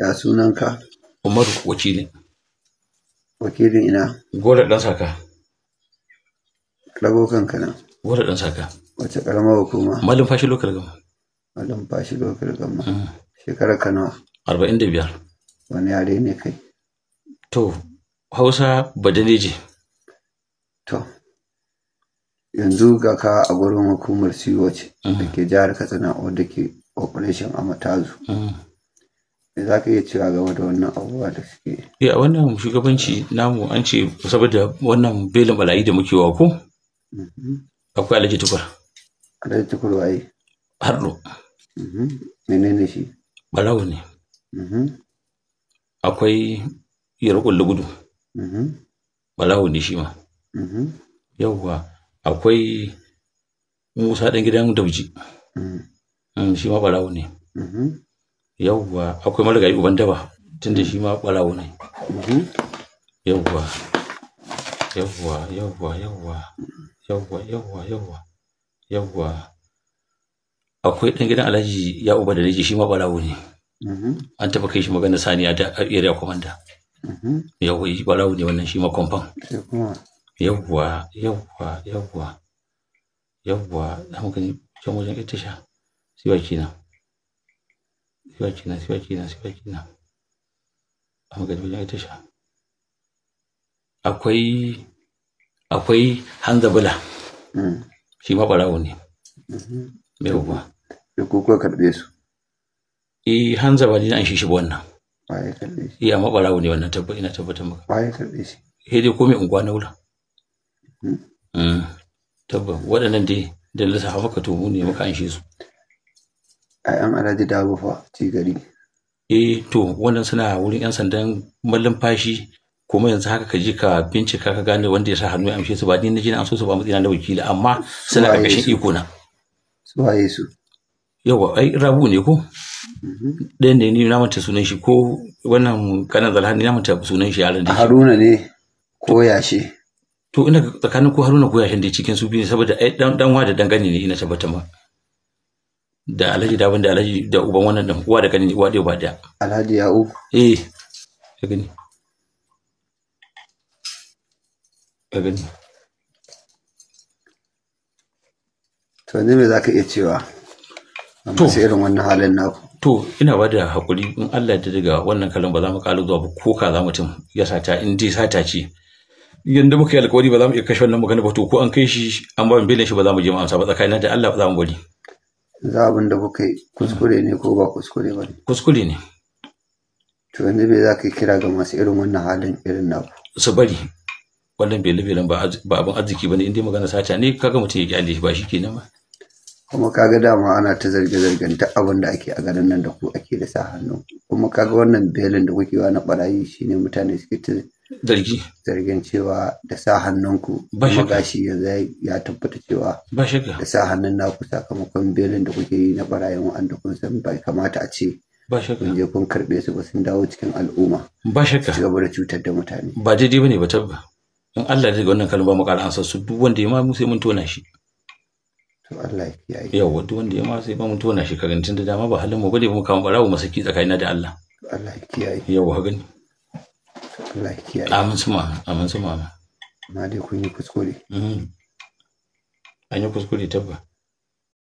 Ya ka? Umaru wakili. Wakilin ina? Gora ɗan saka. Ɗago kanka na? Gora ɗan saka. Wace ƙaramar hukuma? Malin fashi lokar gama. Malin fashi lokar gama. Mm. Shekarar ka nawa? Arba'in da biyar. Wani yare ne kai? To, Hausa Badaneje. To, yanzu ga ka a gurin hukumar siwoci mm. da ke jihar katsina wadda ke operation a matazu mm. me za ka iya cewa game da wannan abubuwa da suke ya eh, wannan shugabanci namu an ce saboda wannan belin bala'i da muke wa ko mm-hmm. akwai alhaji tukur alhaji tukur waye harɗo mm-hmm. menene shi balawo ne mm-hmm. akwai yarkun lugudu balawo ne shi ma yauwa akwai musa ɗan gidan dauji mm, shi ma balawo ne yawwa akwai marigayi uban daba tun da shi ma ɓarawo ne mhm. yawwa yawwa yawwa yawwa yawwa yawwa yawwa yauwa akwai ɗan gidan alhaji ya uba da rage shi ma ɓarawo ne mhm. an taɓa kai shi magana saniya da area commander mhm. yawwa ɓarawo ne wannan shi ma kwamfan yawwa yawwa yawwa yawwa can wajen ita sha kenan siwa kenan siwa kenan siwa kenan a magana wajen ita sha akwai akwai hanzabila mm. shi ma ɓarawo ne Mai mm-hmm. yawwa Ya kuka karɓe su eh hanzabila na an shi shi wannan Waye karɓe iya ma ɓarawo ne wannan tabbatar ina tabbatar maka Waye karɓe shi He dai komai unguwa na wula mm. Mm. tabba waɗannan dai da lissafa maka to ne maka an shi su 'ya'yan Alhaji Dabo fa ci gari. E to wannan suna wurin 'yan sandan fashi. kuma yanzu haka ka je ka bincika ka gane wanda ya sa hannu ya amshe su ba ni na je na an so su ba matsina na wakili amma suna ƙarƙashin iko na. Su waye su. Yawa ai rabu ne ko? Mhm. Ɗayan ne ni na manta sunan shi ko wannan kanan zalhani na manta sunan shi yaran da Haruna ne ko yashe. To ina tsakanin ko Haruna ko yashe da cikin su biyu saboda ɗan wa da dangane ne ina tabbatar ma. da alhaji da da alhaji da uban wannan da uwa da gani uwa da ba da alhaji ya u eh ka gani ka gani to ne me zaka iya cewa to sai irin wannan halin naku to ina ba da hakuri in Allah ya daga wannan kalan ba za mu kalu zuwa ko ka za mutum ya sata in dai sata ce yanda muka yi alkawari ba za mu iya kashe wannan magana ba to ko an kai shi an ba mu bilin shi ba za mu je mu amsa ba tsakanin da Allah ba za mu bari za abin da kuka yi kuskure ne ko ba kuskure ba kuskure ne to yanzu bai za ka kira ga masu irin wannan halin irin na su bari wannan bai labirin ba abin arziki ba ne inda magana sata ne kaga mutum ya kyale ba shi kenan ba kuma kaga dama ana ta zarge-zargen ta abin da ake a garin nan da ku ake da sa hannu kuma kaga wannan belin da kuke wa na barayi shine mutane suke ta zargi zargin cewa da sa hannunku kuma gashi yanzu ya tabbata cewa da sa hannun naku sakamakon belin da kuke yi na barayin wa'anda kun san bai kamata a ce kun je kun karbe su ba sun dawo cikin al'umma ba shakka su gaba da cutar da mutane ba daidai bane ba tabba in Allah daga wannan kalma mu ƙara ansa su duk wanda ya ma mu sai mun tona shi to Allah ya kiyaye yawa duk wanda ya ma sai ba mun tona shi karantin da dama ba halin mu bane mu kama barawo masaki tsakanina da Allah Allah ya kiyaye yawa gani Allah ya kiyaye amin su ma amin su ma na dai kun yi kuskure mm-hmm. an yi kuskure tabba